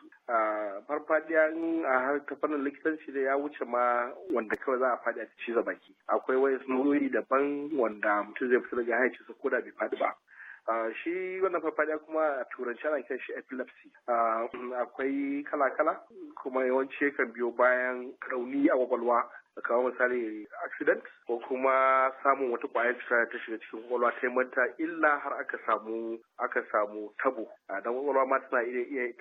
farfadiya in a har ta fannin likitanci da ya wuce ma wanda kawai za a faɗi a ciza baki akwai wani nau'o'i daban wanda mutum zai fita daga haicinsa ko da bai faɗi ba shi wannan farfadiya kuma a turanci ana kiran shi epilepsy akwai kala-kala kuma yawanci kan biyo bayan rauni a kwakwalwa kamar misali accident ko kuma samun wata kwayar cuta ta shiga cikin kwakwalwa ta manta illa har aka samu aka samu tabo dan kwakwalwa ma iya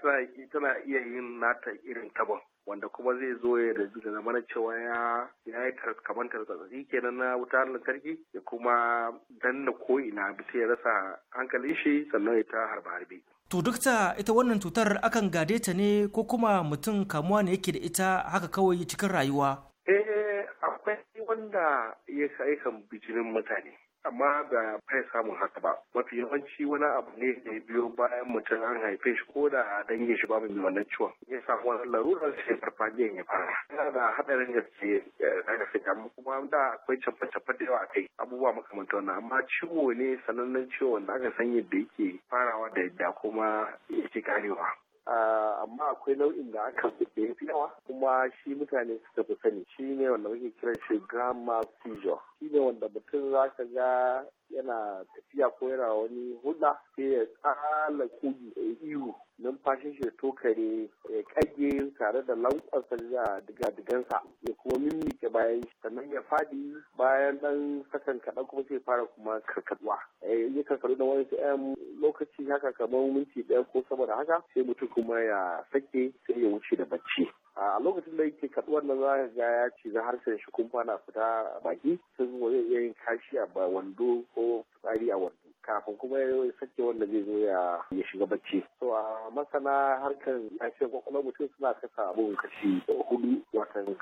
tana iya yin nata irin tabon wanda kuma zai zo ya da zamana cewa ya yi kamar tarzatsatsi kenan na wutar lantarki ya kuma danna ko ina bisa ya rasa hankalin shi sannan ya ta harba harbe. To dukta ita wannan cutar akan gade ta ne ko kuma mutum kamuwa ne yake da ita haka kawai cikin rayuwa? Eh akwai wanda ya kan bijinin mutane amma ba bai samun haka ba mafi yawanci wani abu ne da ya biyo bayan mutum an haife shi ko da dangin shi babu mai wannan ciwon ya samu wani larurar sai farfajiyan ya fara yana da haɗarin gaske eh, daga fita kuma da akwai cafa cafa da yawa a kai abubuwa makamantar wannan amma ciwo ne sanannen ciwo wanda aka san yadda yake farawa da yadda kuma yake karewa Ah, amma akwai nau'in da aka da fi yawa kuma shi mutane suka fi sani shi ne wanda muke kiran shi grandma seizure shi ne wanda mutum za ka ga yana tafiya ko yana wani hula? sai ya tsala kugi ihu numfashin shi tokare ya kage tare da lankwasa da diga-digansa ya kuma mimmike bayan shi sannan ya fadi bayan dan sakan kaɗan kuma sai fara kuma karkarwa eh, ya karkaru da wani yan lokaci haka kamar minti ɗaya ko saboda haka sai mutum kuma ya sake sai ya wuce da bacci a lokacin da yake kaduwar nan za ga ya ci harshen shi kumfa na fita baki sun kuma zai iya yin kashi a wando ko tsari a wando kafin kuma ya sake wanda zai zo ya Ya shiga bacci. So a masana harkar lafiyar kwakwalwar mutum suna kasa abun kashi hudu watan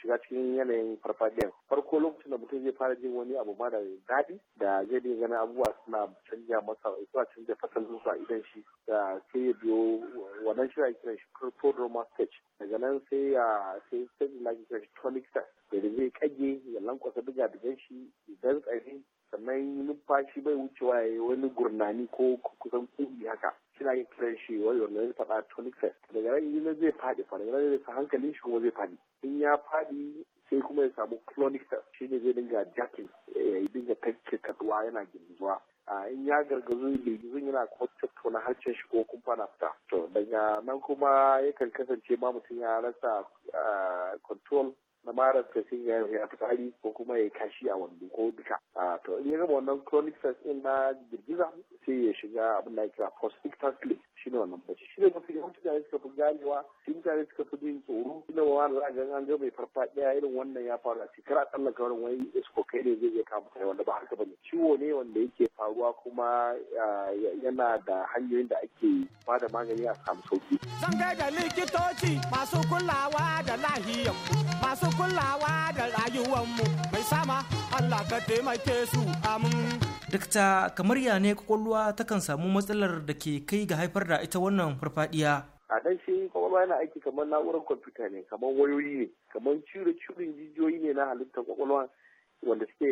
shiga cikin yanayin farfadiyar. Farko lokacin da mutum zai fara jin wani abu mara daɗi da zai dinga ganin abubuwa suna canja masa suna canja fasalin su a idan shi da sai ya biyo wannan shi ake kiran shi prodromal stage daga nan sai ya sai sai na ake kiran shi tonic stage da zai kage ya lankwasa diga digan shi idan tsari sannan numfashi bai wucewa ya yi wani gurnani ko kusan kuɗi haka suna yin kiran shi wani wani zai faɗa tonic fest daga nan yi zai faɗi fa daga zai sa hankalin shi kuma zai faɗi in ya faɗi sai kuma ya samu clonic test shi ne zai dinga jakin eh, ya dinga tanke kaduwa yana girgizuwa in ya gargazu girgizun yana kuma tattauna harshen shi ko kuma na fita to daga nan kuma yakan kasance ma mutum ya rasa ah, control na marar sai ya yi fitsari ko kuma ya kashi a wando ko duka a to in ya gaba wannan chronic stress din na girgiza sai ya shiga abin da kira postictus sleep shi ne wannan bacci shi ne mafi yawancin da suka fi ganewa shi mutane suka fi jin tsoro shi ne wani za a ga an ga mai farfaɗiya irin wannan ya faru a cikin a tsallaka wani wani isko kai ne zai iya kama kai wanda ba haka bane ciwo ne wanda yake faruwa kuma yana da hanyoyin da ake ba da magani a samu sauki. Zan kai da likitoci masu kulawa da lahiyar masu kulawa da rayuwanmu mai sama Allah ka taimake su amin. Dakta kamar ya ne kwakwalwa takan samu matsalar da ke kai ga haifar da ita wannan farfadiya. a dan shi kwakwalwa yana aiki kamar na'urar kwamfuta ne kamar wayoyi ne kamar cire cire jijiyoyi ne na halittar kwakwalwa wanda suke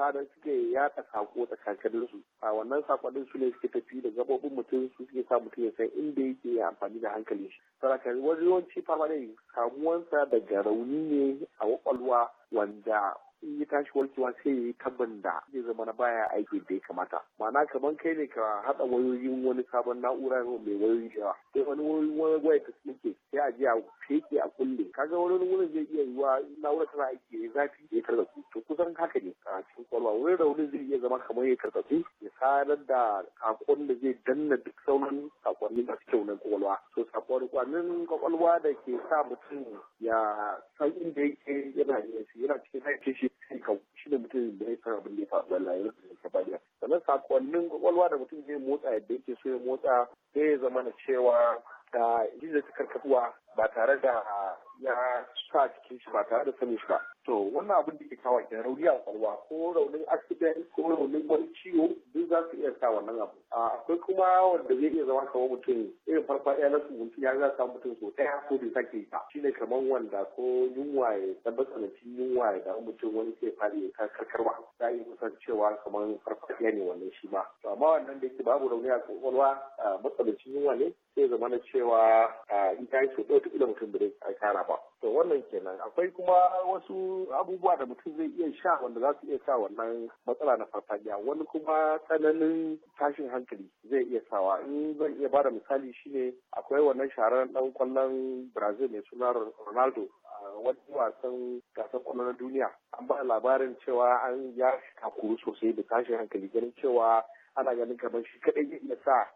hada suke yaɗa sako tsakankanin su a wannan sakonnin su ne suke tafi da gabobin mutum su suke sa mutum ya san inda yake amfani da hankali shi saboda wani yawanci farma ne samuwansa daga rauni ne a kwakwalwa wanda in ya tashi warkewa sai ya yi tabban da zai zama na baya aiki da ya kamata ma'ana kamar kai ne ka haɗa wayoyin wani sabon na'ura mai wayoyi da yawa sai wani wayoyin wani gwaya ta suke sai a je a feke a kulle kaga wani wurin zai iya yiwa na'ura tana aiki ya zafi ya su to kusan haka ne a cikin kwalwa wani raunin zai iya zama kamar ya su ya sadar da kakon da zai danna duk sauran sakonni masu kyau na kwakwalwa so sakonnin kwakwalwa da ke sa mutum ya san inda yake yana yana cikin haifin wuce kai ka shi da mutum da ya san abin da ya faru da layar da ya bada sannan sakonnin kwakwalwa da mutum zai motsa yadda yake so ya motsa sai ya zama na cewa da ah, jin da karkatuwa ba tare da ah, ya cika cikin shi ba tare da sanin shi ba to wannan abin da ke kawo ke rauni a kwalwa ko raunin accident ko raunin wani ciwo duk za su iya sa wannan abu akwai kuma wanda zai iya zama kamar mutum irin farfaɗiya na sumuntu ya za samu mutum sosai ɗaya ko bai sake yi ba ne kamar wanda ko yunwa ya tabbatar da yunwa ya da mutum wani sai fari ya karkarwa za a yi kusan cewa kamar farfaɗiya ne wannan shi ma to amma wannan da yake babu rauni a kwakwalwa matsalancin yunwa ne sai zama na cewa in ta yi sau ɗaya mutum bai a kara ba to wannan kenan akwai kuma wasu abubuwa da mutum zai iya sha wanda za su iya sa wannan matsala na farfadiya wani kuma tsananin tashin hankali zai iya sawa in zan iya bada misali shine akwai wannan sharar dan kwallon brazil mai suna ronaldo wani wasan gasar kwallo na duniya an ba labarin cewa an ya kakuru sosai da tashin hankali ganin cewa ana ganin kamar shi kaɗai zai iya sa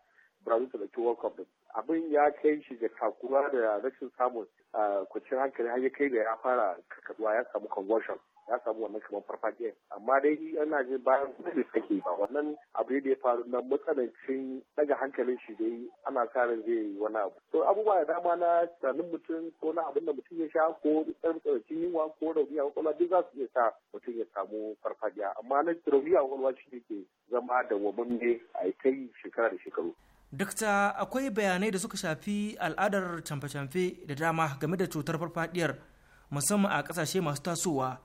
brazil ta dauki world cup abin ya kai shi ga takura da rashin samun ah, kwacin hankali har ya kai da ya fara kakaduwa ya samu convulsion ya samu wannan kamar farfajiya amma dai ana jin bayan da take ba wannan abu da ya faru nan matsanancin daga hankalin shi dai ana sa ran zai yi wani abu to abubuwa da dama na tunanin mutum ko na abin da mutum ya sha ko tsarkakacin yunwa ko rauni a kwakwalwa duk za su iya sa mutum ya samu farfajiya amma na rauni a kwakwalwa shi ne ke zama da wabin ne a kai shekara da shekaru. Dokta akwai bayanai da suka shafi al'adar camfe-camfe da dama game da cutar farfadiyar musamman a kasashe masu tasowa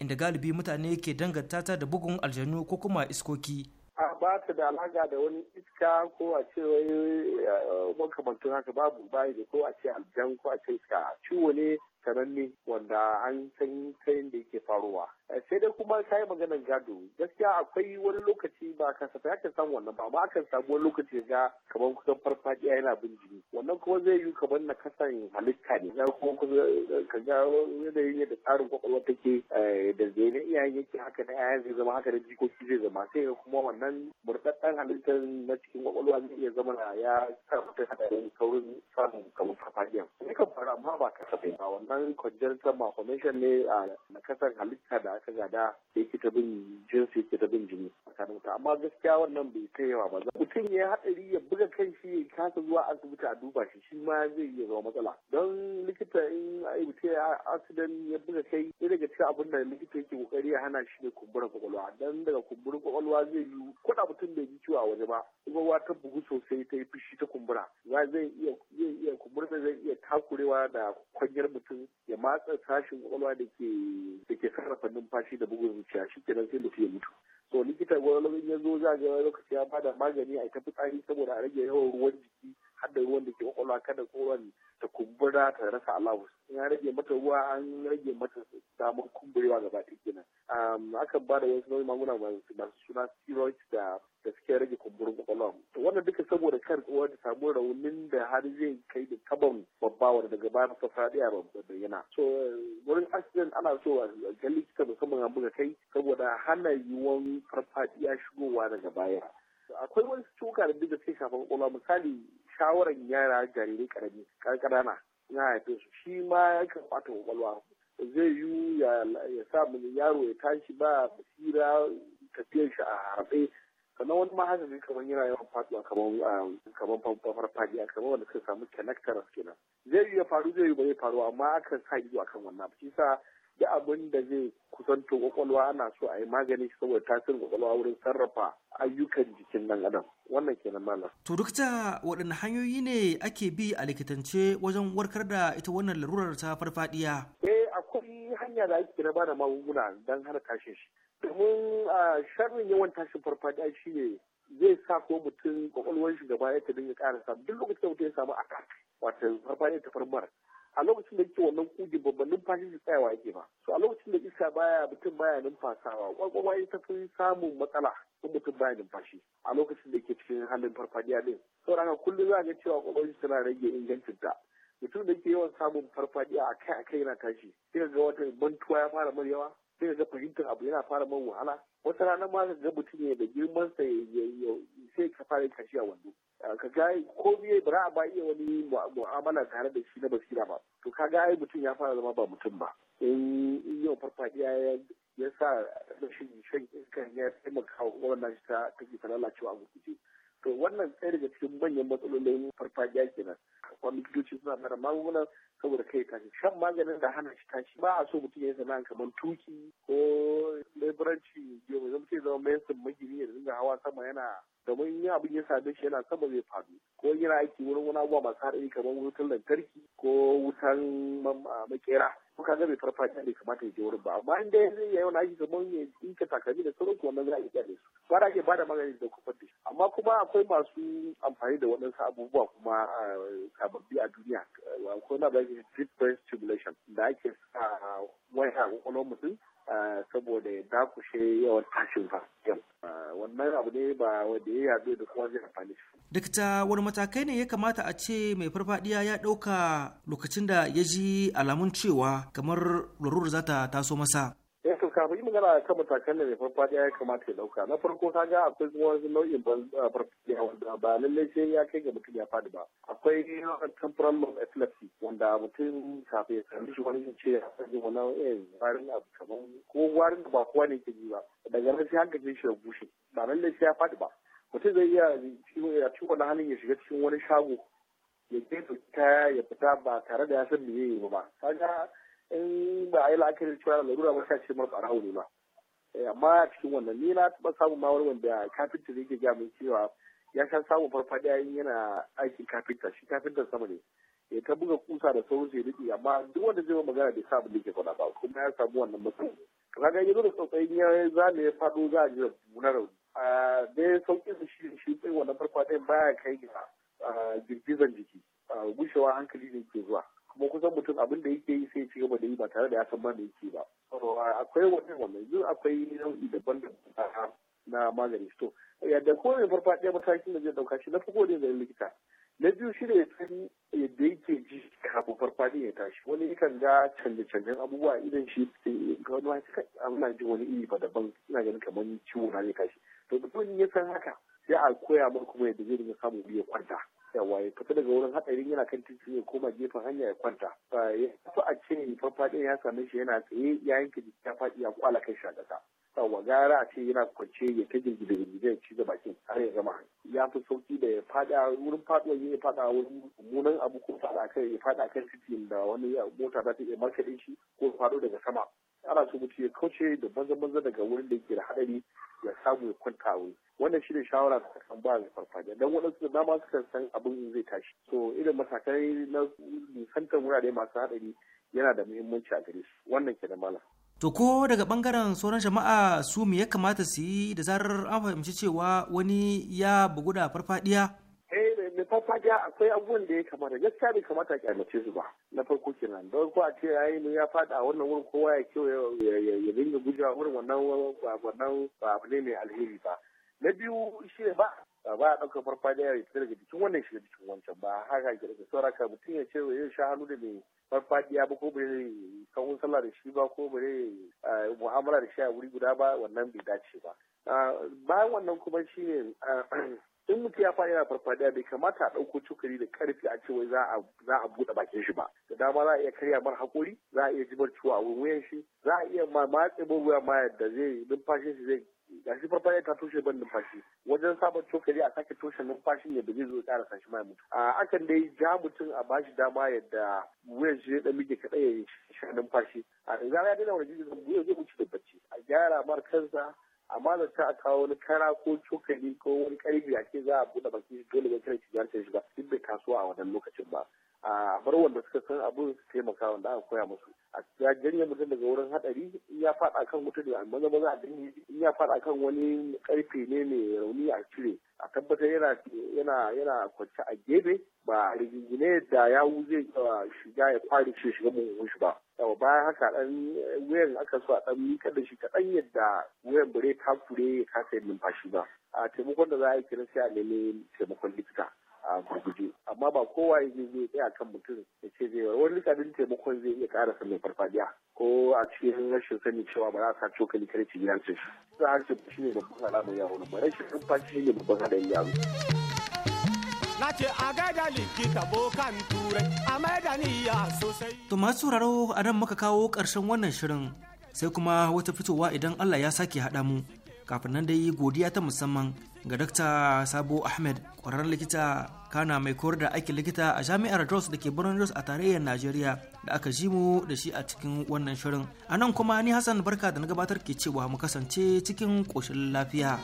inda galibi mutane ke danganta ta da bugun aljanu ko kuma iskoki. A ba ta da alaƙa da wani iska ko a ce wani eh, makamantun haka babu bayi da ko a ce aljan ko a ce iska ciwo ne sananne wanda an san ta da yake faruwa. Eh, sai dai kuma ka yi maganar gado gaskiya akwai wani lokaci ba ya akan samu wannan ba amma akan samu wani lokaci ga kamar kusan farfadiya yana bin jini wannan kuma zai yi kamar na kasan halitta ne na kuma eh, ka ga yanayin yadda tsarin kwakwalwa take eh, da zai na iyayen yake haka na iyayen zai zama haka da jikoki zai zama sai kuma wannan murɗaɗɗen halittar na cikin kwakwalwa zai iya zama na ya sa mutum haɗarin saurin samun kamar farfadiya. kan faru amma ba kasafai ba wannan congenital malformation ne a ah, na halitta da aka gada yake ta bin jinsi yake ta bin jini tsakanin ta amma gaskiya wannan bai kai yawa ba mutum ya haɗari ya buga kai shi ya kasa zuwa asibiti a duba shi shi ma zai iya zama matsala don likita in ai mutum ya accident ya buga kai sai daga cikin abin da likita yake kokari ya hana shi ne kumburin kwakwalwa don daga kumburin kwakwalwa zai yi kuɗa mutum bai ji ciwo a waje ba kwakwalwa ta bugu sosai ta yi fushi ta kumbura za zai iya zai iya zai iya takurewa da kwanyar mutum ya matsa sashin kwakwalwa da ke da ke numfashi da bugun zuciya shi kenan sai mutum ya mutu so likita gwamnati ya zo za ga lokaci ya bada magani a tafi tsari saboda a rage yawan ruwan jiki har da ruwan da ke kwakwalwa kada ko ta kumbura ta rasa alawus ya rage mata ruwa an rage mata damar kumburewa gaba ɗaya kenan aka ba da wasu nau'in maguna masu suna steroid da da suke rage kumburin kwakwalwa wannan duka saboda kar uwa ta samu raunin da har zai kai da taban babba wanda daga baya masa fadiya ba bayyana so wurin accident ana so a ga likita musamman a buga kai saboda hana yiwuwan farfadiya shigowa daga baya akwai wani cuka da duka sai shafan kwakwalwa misali shawarar yara jarirai karami ƙanƙanana na haife su shi ma kan ɓata kwakwalwa zai yi ya sa yaro ya tashi ba basira tafiyar shi a harfe sannan wani ma ne kamar yana yawan faduwa kamar ah, kamar farfadiya kamar wanda suka samu kenaktar kenan zai ya faru zai yi ba zai faru amma akan sa ido akan wannan shi sa duk abin da zai kusanto kwakwalwa ana so a yi magani saboda tasirin kwakwalwa wurin sarrafa ayyukan jikin nan adam wannan kenan malam to duk waɗanne hanyoyi ne ake bi a likitance wajen warkar da ita wannan larurar ta farfadiya eh akwai hanya da ake na ba da magunguna don hana tashin shi domin sharrin yawan tashin farfadiya shine zai sa ko mutum kwakwalwar shi gaba ya ta dinga karasa duk lokacin da mutum ya samu aka wato farfadiya ta farmar a lokacin da ke wannan kugin babban numfashi shi tsayawa yake ba so a lokacin da iska baya mutum baya numfasawa kwakwalwa ita fi samun matsala in mutum baya numfashi a lokacin da ke cikin halin farfadiya din saboda haka kullum za ga cewa kwakwalwa tana rage ingancin ta mutum da ke yawan samun farfadiya akai akai yana tashi sai ga wata mantuwa ya fara mar yawa sai ga fahimtar abu yana fara man wahala wata rana ma ga mutum ne da girman sa ya sai ka fara kashi a wando ka ga ko biye ba ba iya wani mu'amala tare da shi na basira ba to ka ga mutum ya fara zama ba mutum ba in yau farfadiya ya sa rashin shan iska ya taimaka wa wannan shi ta take ta lalacewa a gurguje to wannan tsaye daga cikin manyan matsalolin farfadiya kenan wani likitoci suna mara magunguna saboda kai tashi shan maganin da hana shi tashi ba a so mutum ya sana'a kamar tuki ko leburanci yau mai zama zama mai sun magini ya dinga hawa sama yana domin yin abin ya same shi yana sama zai faɗi. ko yana aiki wurin wani abubuwa masu haɗari kamar wutan lantarki ko wutan um, makera kuka ga bai farfaɗiya ne kamata ya je wurin ba amma in dai zai yi wani aiki kamar ya dinka takalmi da sauran ko wannan za a iya su ba da ke ba da magani da kufar da amma kuma akwai masu amfani da waɗansu abubuwa kuma eh, sababbi a duniya akwai na ba ke deep brain stimulation da ake sa waya a kwakwalwar mutum saboda ya dakushe yawan tashin fasken wannan abu ne ba wanda ya yaɗu da kuma zai amfani shi. Dakta wani matakai ne ya kamata a ce mai farfadiya ya ɗauka lokacin da ya ji alamun cewa kamar lurur za ta taso masa. kafin yi magana kan matakan da mai farfadiya ya kamata ya dauka na farko ka ga akwai wani nau'in ah, farfadiya wanda ba lallai sai ya kai ga mutum ya fadi ba akwai temporal lobe epilepsy wanda mutum kafin ya sami shi wani ce ya sami wani irin warin abu kamar ko warin da ba kowa ne ke ji ba daga nan sai hankali shi ya bushe ba lallai sai ya fadi ba mutum zai iya ya ci wani halin ya shiga cikin wani shago ya je kaya ya fita ba tare da ya san me ya yi ba ga in ba a yi la'akari cewa larura ba ta ce mara ɓarawo ne ba eh, amma a cikin wannan ni na taɓa samun ma wani wanda kafinta zai ke gaya cewa ya sha samun farfaɗiya in yana aikin kafinta shi kafinta sama ne ya ta buga kusa da sauran sai riƙe amma duk wanda zai magana bai sa abin da ke faɗa ba kuma ya samu wannan matsayi kaga ga zo da tsautsayin ya zame ya faɗo za a ji na rauni a da sauƙin shi shi tsaye wannan farfaɗiyan baya kai ga girgizan jiki gushewa hankali ne ke zuwa kuma kusan mutum abin da yake yi sai ci gaba da yi ba tare da ya san da yake ba akwai wannan wannan yanzu akwai nau'i daban da na magani to yadda kowane farfaɗiya matakin da zai ɗauka shi na farko ne zai likita na biyu shi ne ya yadda yake ji kafin farfaɗi ya tashi wani yakan ga canje-canjen abubuwa idan shi ga wani ma ana jin wani iri ba daban ina ganin kamar ciwo na ne kashi to da ya san haka sai a koya ma kuma yadda zai dinga samun biyar kwanta yawa ya fita daga wurin haɗari yana kan titi ya koma gefen hanya ya kwanta ya fi a ce farfaɗin ya same shi yana tsaye ya yanke jiki ya faɗi ya kwala kai shi a ƙasa yawa gara a ce yana kwance ya ta girgida da ya ci da bakin har ya gama ya fi sauki da ya faɗa wurin faɗuwa ya faɗa wurin mummunan abu ko faɗa kai ya faɗa kan titin da wani mota za ta iya markaɗe shi ko faɗo daga sama ana so mutum ya kauce da banza banza daga wurin da yake da hadari ya samu ya kwanta a wuri wannan shi ne shawara da kan ba da farfajiya dan waɗansu da dama suka san abin zai tashi so irin matakai na nisantar wurare masu hadari yana da muhimmanci a gare su wannan ke da mala To ko daga bangaren sauran jama'a su mu ya kamata su yi da zarar an fahimci cewa wani ya bugu da farfadiya da farfajiya akwai abubuwan da ya kamata gaskiya bai kamata ki amince su ba na farko kenan don ko a ce yayi ne ya fada a wannan wurin kowa ya kewa ya dinga gujewa wurin wannan wannan abu ne mai alheri ba na biyu shi ba ba a ɗaukar farfajiya ya fita daga jikin wannan shiga jikin wancan ba haka ke daga saura ka mutum ya ce zai sha hannu da mai farfajiya ba ko bai kawun sallah da shi ba ko bai mu'amala da shi a wuri guda ba wannan bai dace ba bayan wannan kuma shi ne in mutum ya fara yana farfadiya bai kamata a ɗauko cokali da ƙarfi a cewa za a za a buɗe bakin shi ba da dama za a iya karya mar hakori. za a iya jibar ciwo a wuyan shi za a iya ma matse wuya ma yadda zai numfashin shi zai shi farfadiya ta toshe ban numfashi wajen sabon cokali a sake toshe numfashin yadda zai zo ƙara sashi ma mutu a akan dai ja mutum a bashi dama yadda wuyan shi ɗan mike kaɗai ya sha numfashi a zara ya daina wani jirgin zai wuce da bacci a gyara mar kansa amma da ta kawo wani kara ko cokali ko wani karfi a ce za a buɗe baki dole ba kira shiga ta shiga duk bai kasuwa a wannan lokacin ba a bar wanda suka san abin su taimaka wanda aka koya musu a ya janye mutum daga wurin hadari in ya faɗa kan mutum da maza maza a dinne in ya faɗa kan wani karfe ne mai rauni a cire a tabbatar yana yana yana kwance a gefe ba rigingine da wu zai shiga ya kware shi shiga mun shi ba yawa bayan haka dan wayan aka so a dan mika da shi kaɗan yadda wuyan bare ta kure ya kasa numfashi ba a taimakon da za a yi kiran sai a nemi taimakon likita a gurguje amma ba kowa ya zai tsaya kan mutum ya ce zai wani likanin taimakon zai iya ƙara mai farfadiya ko a cikin rashin sani cewa ba za a sa cokali kare ci gidan cin za a ce shi ne babban ya wani ba rashin numfashi shi ne babban alamar yaro. na ce a gaida likita bokan turai a niyya sosai. to masu sauraro a nan muka kawo ƙarshen wannan shirin sai kuma wata fitowa idan Allah ya sake haɗa mu. kafin nan dai godiya ta musamman ga Dr. Sabo Ahmed ƙwararren likita kana mai koyar da aikin likita a jami'ar Jos da ke birnin Jos a tarayyar Najeriya da aka ji mu da shi a cikin wannan shirin. A nan kuma ni Hassan Barka da na gabatar ke cewa mu kasance cikin ƙoshin lafiya.